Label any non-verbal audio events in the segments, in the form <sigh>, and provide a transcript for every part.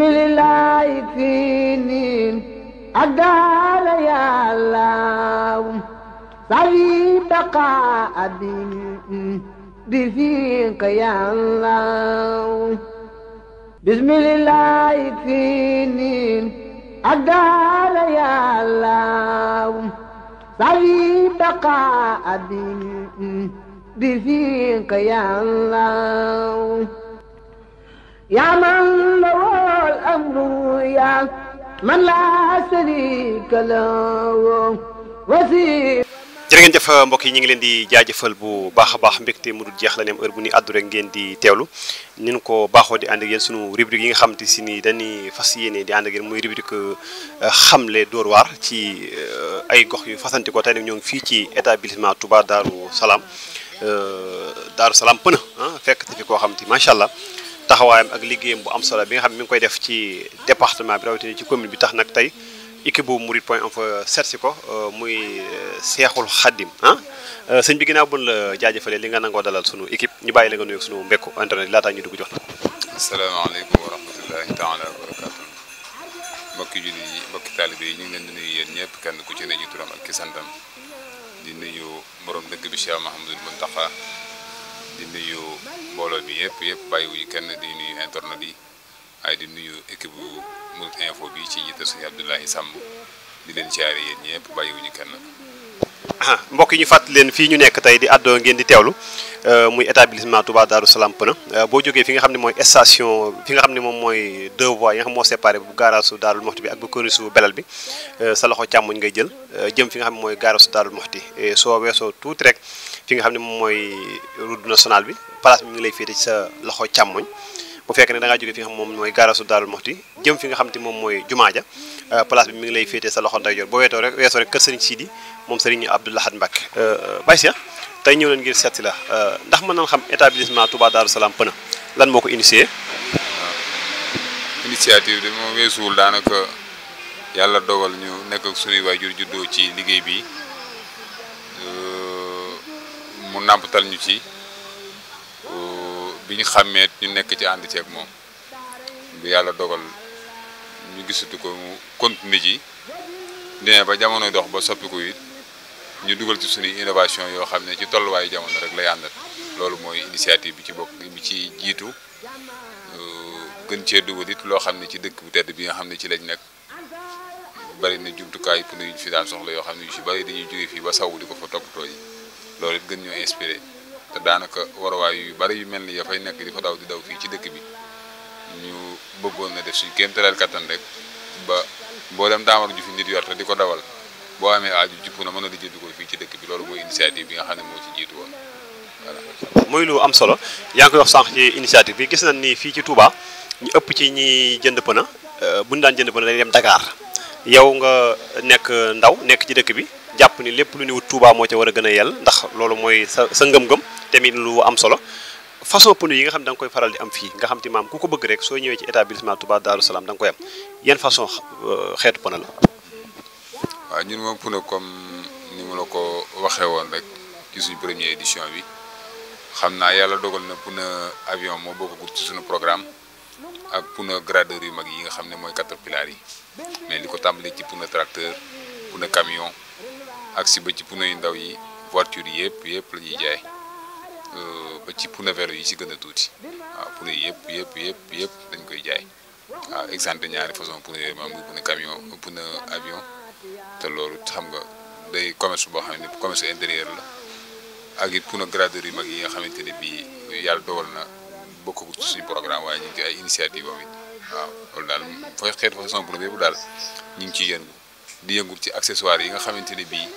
bismillaahi fii niin ak daala yàllaaw safi baqa abin bi fiq yàllaaw bismillaahi fii niin ak daala yàllaaw safi baqa abin bi fiq yàllaaw yaa man الأمر يا ngeen jëf mbokk yi ñu ngi leen di jaajëfal bu baax a baax mbégte mu dul jeex la neem heure bu ni àddu rek ngeen di teewlu ñun ko baaxoo di ànd ak suñu sunu rubrique yi nga xamante si ni dañuy fas yéene di ànd ak yéen muy rubrique euh, xamle Dóor waar ci euh, ay gox yu fasante ko tey ñoo ngi fii ci établissement Touba Darou Salaam euh, Darou Salaam pëna ah fekk te fi koo xam te macha allah. taxawayam ak liggéeyam bu am solo bi nga xam mi ngi koy def ci département bi rawatina ci commune bi tax nag tey équipe bu Mourides point info seet ko muy cheikhul khadim ah sëñ bi ginaaw bun la jaajëfalee li nga nangoo dalal sunu équipe ñu bàyyi la nga nuyu sunu mbekku internet laataa ñu dugg jox na ko. asalaamaaleykum wa rahmatullahi taala wa barakaatu mbokki jullit yi mbokki taalibe yi ñu ngi leen di nuyu yéen ñëpp kenn ku ci ne ñu turam ak ki santam di nuyu borom dëkk bi Cheikh Mahamadul Muntaxa di nuyu mbooloo bi yëpp yëpp bàyyiwuñu kenn di nuyu internet yi waaye di nuyu équipe bu Mourides info bi ci jiite suñu Abdoulaye Samb di leen caare yéen ñëpp bàyyiwuñu kenn. <coughs> mbokk yi ñu fàttali leen fii ñu nekk tey di àddoo ngeen di teewlu euh, muy établissement Touba Darou Salam Pneu boo jógee fi nga xam ne mooy station fi nga xam ne moom mooy deux voies yi nga xam bu gaarasu Daarul Moxti bi ak bu kërisu belal bi euh, sa loxo càmmoñ ngay jël euh, jëm fi nga xam ne mooy gaarasu Daarul Moxti soo weesoo tuuti rek fi nga xam ne moom mooy route nationale bi place bi mi ngi lay féete ci sa loxo càmmoñ bu fekkee ne da ngaa jógee fi nga xam moom mooy gaarasu Daarul Moxti jëm fi nga xam te moom mooy jumaa ja Euh, place bi mi ngi lay féetee sa loxo ndeyjoor boo weetoo rek weesoo rek kër Serigne Sidi moom Serigne Abdou Lahad Mbacké euh, Baye Cheikh tey ñëw leen ngir seet la euh, ndax mën nañ xam établissement tubaa Darou Salam Pneu lan moo ko initié. initiative bi moom weesuwul daanaka yàlla dogal ñu nekk ak sunuy waajur juddoo ci liggéey bi mu nàmpatal ñu ci bi ñu xàmmee ñu nekk ci ànd ceeg moom bi yàlla dogal. ñu gisatu ko mu continuer ci demee ba jamono dox ba soppi ko yit ñu duggal ci suñu innovation yo xamné ci tollu way jamono rek la yandal lolu moy initiative bi ci bok bi ci jitu euh gën ci duggal it lo xamné ci dëkk bu tedd bi nga xamné ci lañ nekk bari na jumtu kay pour ñu fi daan soxla yo xamné ci bari dañuy jëgé fi ba saw di ko fa toppatoo yi lolu it gën ñoo inspiré te daanaka way yu bari yu melni ya fay nek di fa daw di daw fi ci dëkk bi ñu bëggoon na def si kéem tëral kattan rek ba mboolem daamar ju fi nit yor te di ko dawal boo amee aaju jupp na mën a lijjanti ko fii ci dëkk bi loolu mooy initiative bi nga xam ne moo ci jiitu lu am solo yaa ngi koy wax sànq ci initiative bi gis nañ ni fii ci Touba ñu ëpp ci ñi jënd pëna euh, bu ñu daan jënd pëna dañuy dem dakaar yow nga nekk ndaw nekk ci dëkk bi. jàpp ni lépp lu ñu tuubaa moo ci war a gën a yell ndax loolu mooy sa sa ngëm te tamit lu am solo façon pneu yi nga xam da koy faral di am fii nga xam ti maam ku ko bëgg rek soo ñëwee ci établissement Touba Darou Salaam da nga koy am yan façon euh, xeetu pneu la waaw ñun moom pneu comme ni mu la ko waxee woon rek ci suñ première édition bi xam naa yàlla dogal na pneu avion moo bokkagut ci suñu programme ak pneu gradeur yu mag yi nga xam ne mooy caterpillar yi mais li ko tàmbalee ci pneu tracteur pneu camion ak si ba ci pneu yu ndaw yi voiture yëpp yëpp la ñuy jaay Euh, ba ci pneu vélo yi ci gën a tuuti waaw pneu yi yëpp yëpp yëpp yëpp dañ koy jaay waaw exemple ñaari façon pneu yooyu maanaam pneu camion pneu avion te loolu xam nga day commerce boo xam ne commerce intérieur ak it yu mag yi nga xamante ne bii yàlla dogal na bokk ci ci ay initiative am it waaw loolu daal fooy xeet façon pneu yëpp daal ñu ngi ciy yëngu di yëngut ci accessoire yi nga xamante ne bii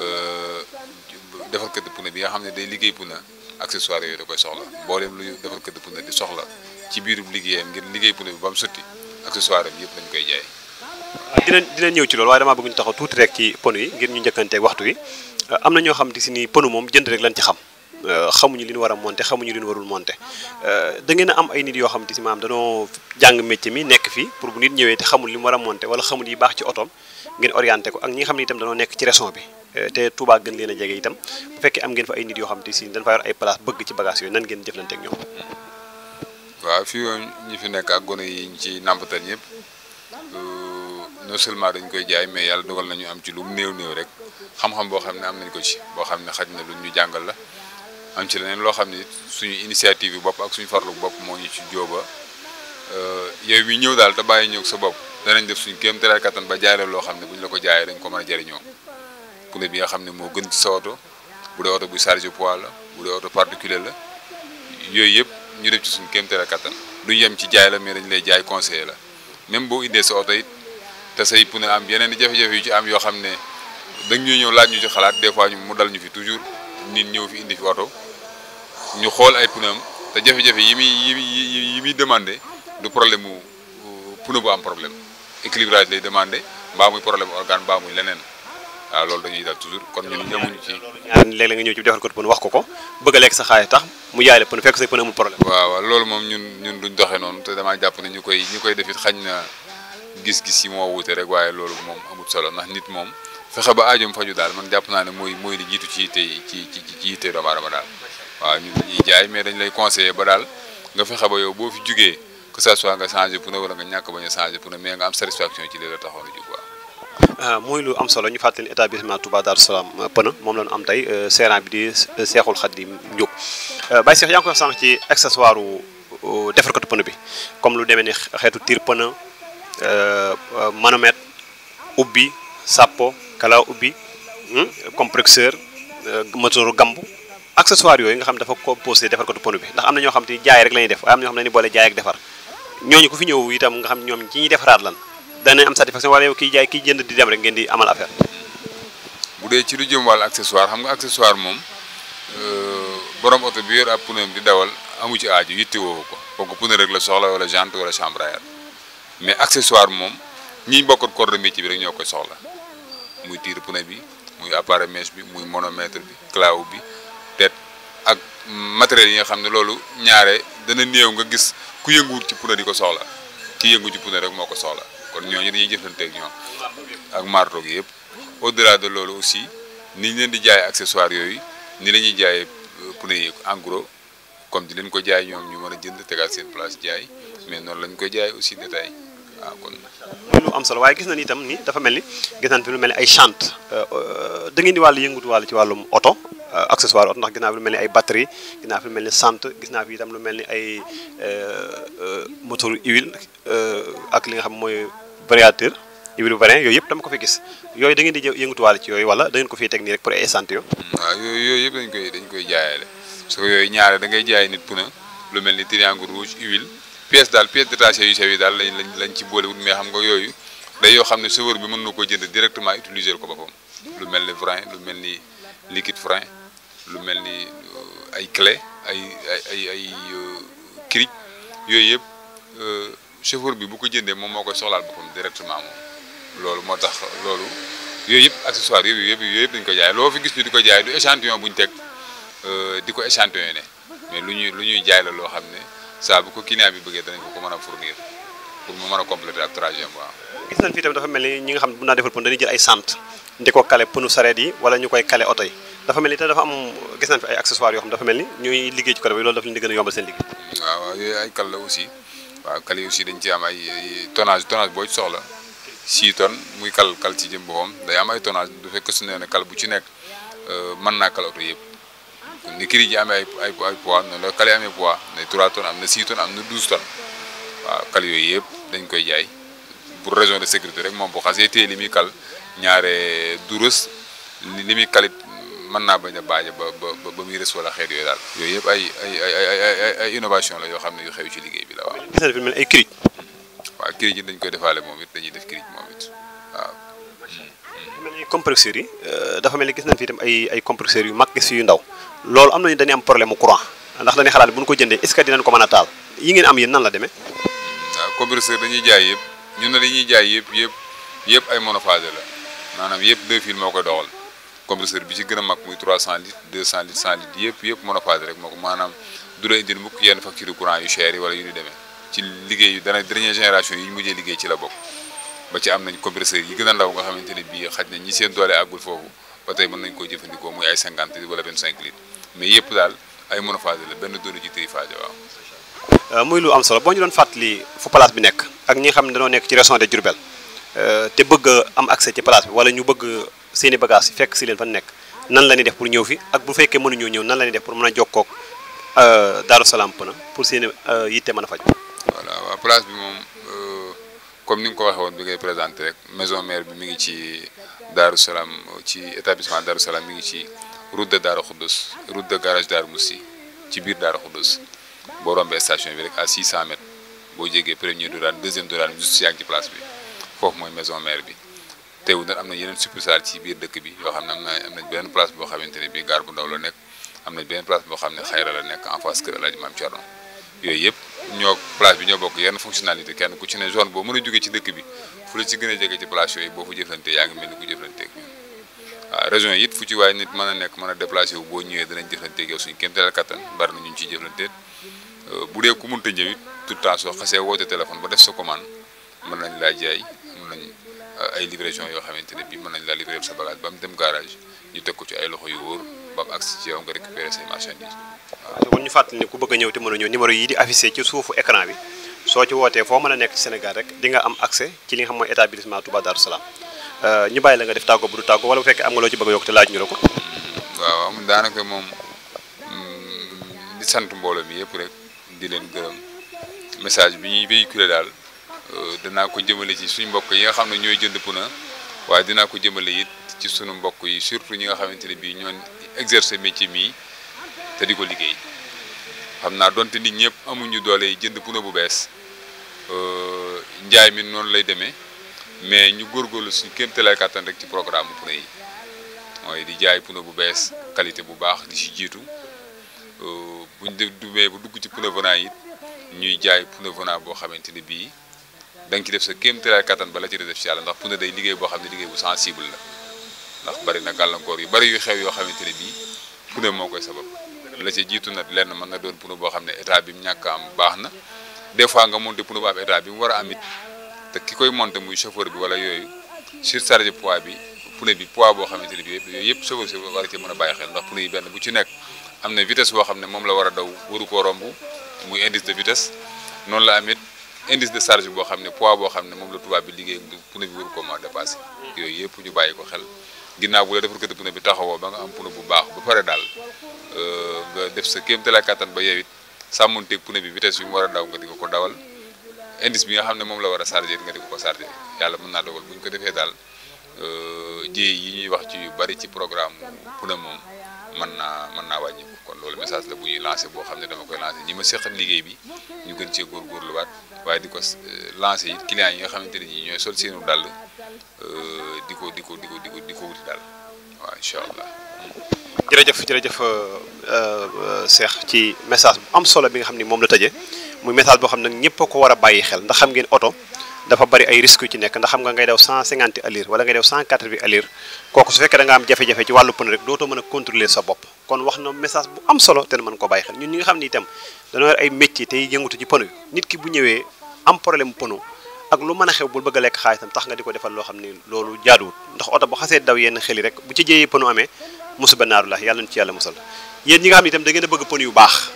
euh, defar kër pneu bi nga xam ne day liggéey pneu accessoire yooyu da koy soxla mbooleem luy defar këdd pneu di soxla ci biirub liggéeyam ngir liggéey pneu bi ba mu sotti accessoire am yëpp koy jaay. Ah, dinañ ñëw ci loolu waaye damaa bëgg ñu taxaw tuuti rek ci pneu yi ngir ñu njëkkanteeg waxtu wi ah, am na ñoo xam te si ni pneu moom jënd rek lañ ci xam ah, xamuñu li ñu war a monté xamuñu li ñu warul monté da am ay nit yoo xam te si am danoo jàng métier mi nekk fii pour bu nit ñëwee te xamul li mu war a monté wala xamul yi baax ci otoom ngeen orienté ko ak xam itam danoo nekk ci région bi Eh, te Touba gën leen a jege itam bu fekkee am ngeen fa ay nit yoo xam te si dañ fa yor ay place bëgg ci bagage yooyu nan ngeen jëflante ñoom. waaw fii moom ñi fi nekk ak gone yi ñu ci nàmpatal ñëpp euh, non seulement dañ koy jaay mais yàlla dogal nañu am ci lu mu néew néew rek xam-xam boo xam ne am nañ ko ci boo xam ne xaj na lu ñu jàngal la am ci leneen loo xam ne suñu initiative yi bopp ak suñu farlu bopp moo ñu ci jóoba euh, yow mi ñëw daal te bàyyi ñëw sa bopp danañ def suñu kéem tolluwaay kattan ba jaay loo xam ne bu ñu la ko jaayee dañ ko mën a jëriñoo poulet bi nga xam ne moo gën ci sa oto bu dee oto bu chargé poids la bu dee oto particulier la yooyu yëpp ñu def ci suñu kéemteel kattan du yem ci jaay la mais dañu lay jaay conseiller la même boo indee sa oto it te say pneu am yeneen jafe-jafe yu ci am yoo xam ne dañ ñuy ñëw laaj ñu ci xalaat des fois ñu mu dal ñu fi toujours nit ñëw fi indi fi oto ñu xool ay pneu am te jafe-jafe yi muy yi muy demandé du problème mu pneu bu am problème équilibrage lay demandé mbaa muy problème organe mbaa leneen. waaw ah, loolu dañuy daal toujours kon ñun ñamuñu ci a lekk sa xaalis tax moom ñun ñun duñ doxee noonu te damaa jàpp ne ñu koy ñu koy defit xañ na gis-gis yi moo wute rek waaye loolu moom amul solo ndax nit moom fexe ba aajom faju daal man jàpp naa ne mooy mooy li jiitu ci yitte ci ci ci yitte doomu aadama daal waaw ñun dañuy jaay mais dañ lay conseiller ba daal nga fexe ba yow boo fi jugee que ça soit nga changé pneu wala nga ñàkk bañ a changé pneu mais nga am satisfaction ci li la taxoon a jug waaw Euh, muy lu am solo ñu fàttali établissement Touba Darou Salam euh, Pënë moom la ñu am tey euh, seeraan bi di Seexul di Diop Baye Seex yaa ngi koy sànq ci accessoire defarkatu pënë bi comme lu demee ni xeetu tiir pënë manomètre ubbi sàppo kala ubbi hmm, compresseur moteur gambu accessoire yooyu nga xam dafa composé defarkatu pënë bi ndax am na ñoo xam te jaay rek la def waaye am na ñoo xam ne ni boole jaay ak defar ñooñu ku fi ñëw itam nga xam ñoom ci ñuy defaraat lan danañ am satisfaction wala yow ki jaay kiy jënd di dem rek ngeen di amal affaire. bu dee ci lu jëm wàllu accessoire xam nga accessoire moom euh, borom oto bi yor ab pneu di dawal amu ci aaju yittewoo ko kooku pneu rek la soxla wala jante wala chambre à air mais accessoire moom ñi bokk corps de métier bi rek ñoo koy soxla muy tiir pneu bi muy appareil mèche bi muy monomètre bi clou bi tête ak matériels yi nga xam ne loolu ñaare dana néew nga gis ku yënguwut ci pneu di ko soxla ki yëngu ci rek moo ko soxla. kon ñooñu dañuy jëflante ak ñoom ak marto gi yëpp au delà de loolu aussi ni leen di jaay accessoire yooyu ni la ñuy jaayee euh, pneu yi en di leen ko jaay ñoom ñu mën a jënd tegaat seen place jaay mais noonu lañ koy jaay aussi détail waaw kon lu am solo waaye gis nañ itam ni dafa mel ni gis nañ lu mel ni ay chante euh, euh, da ngeen di wàllu yëngutu ci wàllum oto accessoire ndax gis naa fi lu mel ni ay batterie gis naa fi lu mel ni sant gis naa fi itam lu mel ni ay moteur huile ak li nga xam mooy variateur hybride variant yooyu yëpp dama ko fi gis yooyu da ngeen di yëngatuwaale ci yooyu wala da ko fiy teg nii rek pour ay échantillon hmm, yooyu yooyu yëpp dañ koy dañ koy jaayale parce que yooyu ñaaree dangay jaaye nit puna lu mel ni triangle rouge huile pièce daal pièce détachée yu yi daal lañ lañ ci boolewut mais xam nga yooyu day yoo xam ne chauffeur bi mën na ko jënd directement utiliser ko boppam lu mel ni frein lu mel ni liquide frein lu mel ni euh, ay clé ay ay ay ay euh, yëpp euh, chauffeur bi bu ko jëndee moom moo koy soxlaal boppam directement moom loolu moo tax loolu yooyu yëpp accessoire yooyu yëpp yooyu yëpp dañu ko jaay loo fi gis ñu di ko jaay du échantillon bu ñu teg euh, di ko échantillon ne lu ñuy lu ñuy jaay la loo xam ne saa bu ko client bi bëggee danañ ko mën a pour mu mën a compléter ak trajet am ni ñi nga xam ne mën naa defal pneu dañuy ay sant di ko wala ñu koy kale oto yi dafa mel ni te dafa am gis yoo xam dafa mel ni ñuy liggéey ci côté bi loolu daf di gën a yombal seen liggéey. waaw yooyu ay kal la aussi waaw kal yi aussi dañ ci am ay tonnage tonnage boo ci soxla si tonnes muy kal kal ci jëm boppam day am ay tonnage du fekk su ne kal bu ci nekk euh, mën naa kal yëpp ni kiri ji amee ay ay ay poids noonu la kal yi amee poids ne 3 tonnes am na 6 tonnes am na 12 tonnes waaw kal yooyu yëpp dañ koy jaay pour raison de sécurité rek moom boo xasee téye li muy kal ñaare du rës kalit mën naa bañ a baaje ba ba ba muy rës wala xeet yooyu yëpp ay ay ay innovation la yoo xam ne yu xew ci liggéey bi la waaw. gis mel dañ koy defaale moom it dañuy def kirij moom it waaw. ni yi euh, dafa mel ni gis nañ fi ay ay compresseurs yu mag yu ndaw loolu am nañu dañuy am problème mu courant ndax dañuy xalaat bu ñu ko jëndee est-ce que dinañ ko mën a taal yi ngeen am yéen nan la demee. waaw compresseur dañuy jaay yëpp ñun ne dañuy jaay yëpp yëpp yëpp ay monophasé la maanaam yëpp deux fils moo koy doxal compresseur bi ci gën a mag muy 300 litres 200 litres 100 litres yëpp yëpp monophase rek moo ko maanaam du la indil mukk yenn facture courant yu cher yi wala yu ni demee ci liggéey yu dana dernière génération yi ñu mujjee liggéey ci la bokk ba ci am nañ compresseur jëfandikoo muy ay 50 litres wala 25 litres mais yëpp daal ay monophase la benn doole ci triphase waaw. Euh, muy lu am solo boo ñu doon fàttali fu place bi nekk ak seeni bagage yi fekk si leen fan nekk nan la ñuy def pour ñëw fi ak bu fekkee mënuñoo ñëw nan la ñuy def pour mën a jokkoog euh, Daaru Salaam Pënë pour seeni euh, yitte mën a faj. voilà waaw place bi moom euh, comme ni nga ko waxee woon bi ngay présenté rek maison mère bi mi ngi ci Daaru Salaam ci établissement Daaru Salaam mi ngi ci route de Daaru Xuddus route de garage Daaru Moussi ci biir Daaru Xuddus boo rombee station bi rek à 600 mètres boo jégee premier Dorane deuxième Dorane juste yaa ngi ci place bi foofu mooy maison bi. teewul na am na yeneen succursale ci biir dëkk bi yoo xam ne am na am nañ benn place boo xamante ne bii gaar bu ndaw la nekk am nañ benn xam ne xayra la nekk en face kër El Hadj Maam Thierno yooyu yëpp ñoo place bi ñoo bokk yenn fonctionnalité kenn ku ne zone boo a jógee ci dëkk bi fu la ci a jege ci place yooyu boo fa jëflante yaa ngi mel ni ku jëflanteeg waaw région yi it fu ci waaye nit mën a nekk mën a déplacé wu boo ñëwee danañ jëflanteeg yow suñu kéemteel kattan bari na ñu ciy jëflanteeg euh, bu dee ku mënta ñëw it tout temps soo xasee woote téléphone ba def sa commande mën nañ laa jaay mën nañ ay livraison yoo xamante ne bii mën nañ laa livrer sa bagage ba mu dem garage ñu teg ko ci ay loxo yu wóor ba mu agsi ci yow nga récupérer say marchandises waaw. ñu fàttali ne ku bëgg ñëw te mën a ñëw numéro yi di affiché ci suufu écran bi soo ci wootee foo mën a nekk ci Sénégal rek di nga am accès ci li nga xam mooy établissement Touba Darou Salaam ñu bàyyi la nga def tàggoo bu du tàggoo wala bu fekkee am nga loo ci bëgg a yokk te laaj ñu la ko. waaw daanaka moom mm, di sant mbooloo mi yëpp rek di leen gërëm message bi ñuy daal Euh, danaa ko jëmale ci suñu mbokk yi nga xam ne ñooy jënd puna waaye dinaa ko jëmale it ci suñu mbokk yi surtout ñi nga xamante ne bii ñoo exercer métier mii te di ko liggéey xam naa donte nit ñëpp amuñu doole jënd puna bu bees euh, njaay mi noonu lay demee mais ñu góor góorgóorlu suñu kéemtalaay kàttan rek ci programme puna yi mooy di jaay puna bu bees qualité bu baax di ci jiitu euh, buñ demee bu dugg ci puna venant it ñuy jaay puna venant boo xamante ne bii. da nga def sa kéemtalaay kattan ba la ci def ci yàlla ndax pune day liggéey boo xam ne liggéey bu sensible la ndax bari na gàllankoor yu bari yu xew yoo xamante ne bii pune moo koy sabab la ci jiitu na lenn mën na doon pune boo xam ne état bi mu ñàkk am baax na des fois nga monté pune bu bi war a amit te ki koy monté muy chauffeur bi wala yooyu surcharge poids bi pune bi poids boo xamante ne bii yëpp yooyu yëpp chauffeur si war a ci mën a bàyyi xel ndax pune yi benn bu ci nekk am na vitesse boo xam ne moom la war a daw waru koo romb muy indice de vitesse noonu la amit indice de charge boo xam ne poids boo xam ne moom la tubaab bi liggéey pneu bi waru ko ma dépassé yooyu yëpp ñu bàyyi ko xel ginnaaw bu la defarkati pneu bi taxawoo ba nga am pneu bu baax ba pare daal euh, nga def sa kéem talaay kattan ba yow it sàmmonteeg pneu bi vitesse yu mu war a daw nga di ko dawal indice bi nga xam ne moom la war a chargé nga di ko chargé yàlla mën naa dogal bu ñu ko defee daal euh, jéey yi ñuy wax ci yu bari ci programme pneu moom mën naa mën naa wàññi kon loolu message la bu ñuy lancé boo xam ne dama koy lancé liggéey bi ñu gën cee waaye di ko euh, lancé it clients yi nga ne ñi ñooy sol seenu dàll euh, di ko di ko di ko di ko di ko wuti daal waaw incha allah. jërëjëf jërëjëf euh, Cheikh ci message bu am solo bi nga xam ni moom la tëjee muy message boo xam ne ñëpp ko wara bàyyi xel ndax xam ngeen oto dafa bari ay risques yu ci nekk ndax xam nga ngay daw 150 allure wala ngay daw 180 allure kooku su fekkee da nga am jafe-jafe ci wàllu pneu rek dootoo mën a contrôler sa bopp. kon wax na message bu am solo te mën ko bàyyi xel ñun ñi nga xam ni itam dañoo yor ay métier tey yëngatu ci pono yi nit ki bu ñëwee am problème mu ak lu mën a xew bul bëgg a lekk xaalisam tax nga di ko defal loo xam ni loolu jaaduwut ndax oto bu xasee daw yenn xel yi rek bu ci jëyee pono amee musiba naaru la yàlla na ci yàlla musal yéen ñi nga xam ne itam da ngeen bëgg pono yu baax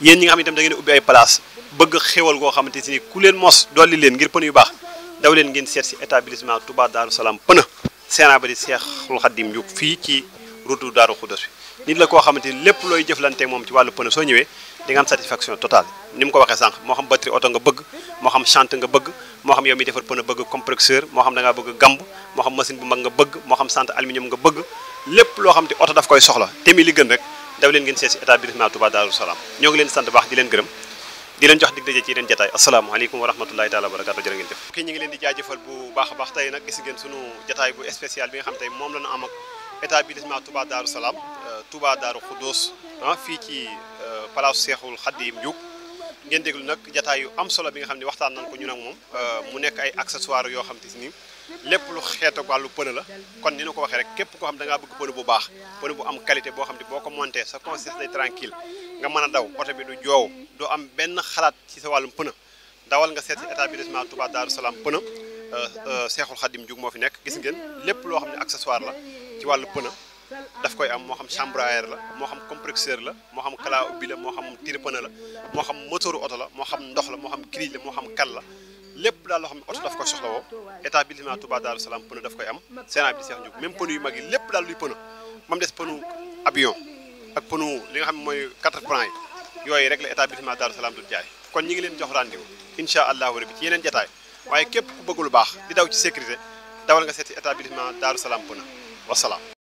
yéen ñi nga xam ne itam da ngeen a ubbi ay place bëgg xewal ni ku leen mos dolli leen ngir pono yu baax daw leen ngeen seet si établissement Touba Darou Salam pneu Sénat ba di Seexul Xaddim yu fii ci ruutu daru xuddos fi nit la ko xamanteni ni loy looy jëflanteeg ci walu pone so ñëwé di nga am satisfaction totale nim ko waxee sank mo xam batterie auto nga bëgg mo xam chante nga bëgg mo xam yow mi defar pone bëgg compresseur mo xam da nga bëgg gamb mo xam machine bu mag nga bëgg mo xam centre aluminium nga bëgg lepp lo xamanteni auto daf koy soxla témi li gën rek daw leen ngeen établissement Touba Darou Salam ñoo ngi leen sant bax di leen gërëm di leen jox dig dajé ci jotaay assalamu alaykum wa rahmatullahi taala wa barakatuh jere ngeen def ki ñi ngi leen di jaajeufal bu baax baax tay nak gis ngeen suñu jotaay bu spécial bi nga xam tay mom la am ak établissement Touba Darou Salaam euh, Touba Darou Khoudoss ah fii ci euh, palaasu Seexul Xadiim jug ngeen déglu nag jataay yu am solo bi nga xam ne waxtaan nañ ko ñu ak moom euh, mu nekk ay accessoires yoo xam te si nii lépp lu xeet wàllu pneu la kon ni ko waxee rek képp koo xam da ngaa bëgg pneu bu baax pneu bu am boo xam ne boo ko monté sa conscience day tranquille nga mën daw oto bi joow du am benn xalaat ci sa wàllum pneu dawal nga seet si établissement Touba Darou Salaam pneu Seexul Xadiim Ndioub moo fi nekk gis ngeen lépp loo xam ne accessoire la ci wàllu pneu daf koy am moo xam chambre à la moo xam compresseur la moo xam kalaa bi la moo xam tire pneu la moo xam moteur oto la moo xam ndox la moo xam grille la moo xam kal la lépp daal loo xam ne oto daf koy soxla woo établissement Touba Darou a pneu daf koy am Sénat bi Cheikh Ndiouk même pneu yu mag yi lépp daal luy pneu mam des pneu avion ak pneu li nga xam ne mooy quatre plans yi yooyu rek la établissement Darou Salam dul jaay kon ñi ngi leen jox rendez-vous incha allahu rabbi ci yeneen jataay waaye képp ku lu baax di daw ci sécurité dawal nga seeti établissement Darou Salam والسلام